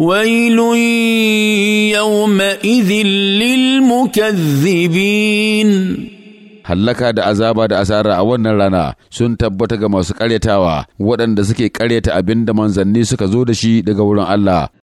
ويل يومئذ للمكذبين hallaka da azaba da asara a wannan rana sun tabbata ga masu karyatawa waɗanda suke karyata abin da manzanni suka zo da shi daga wurin Allah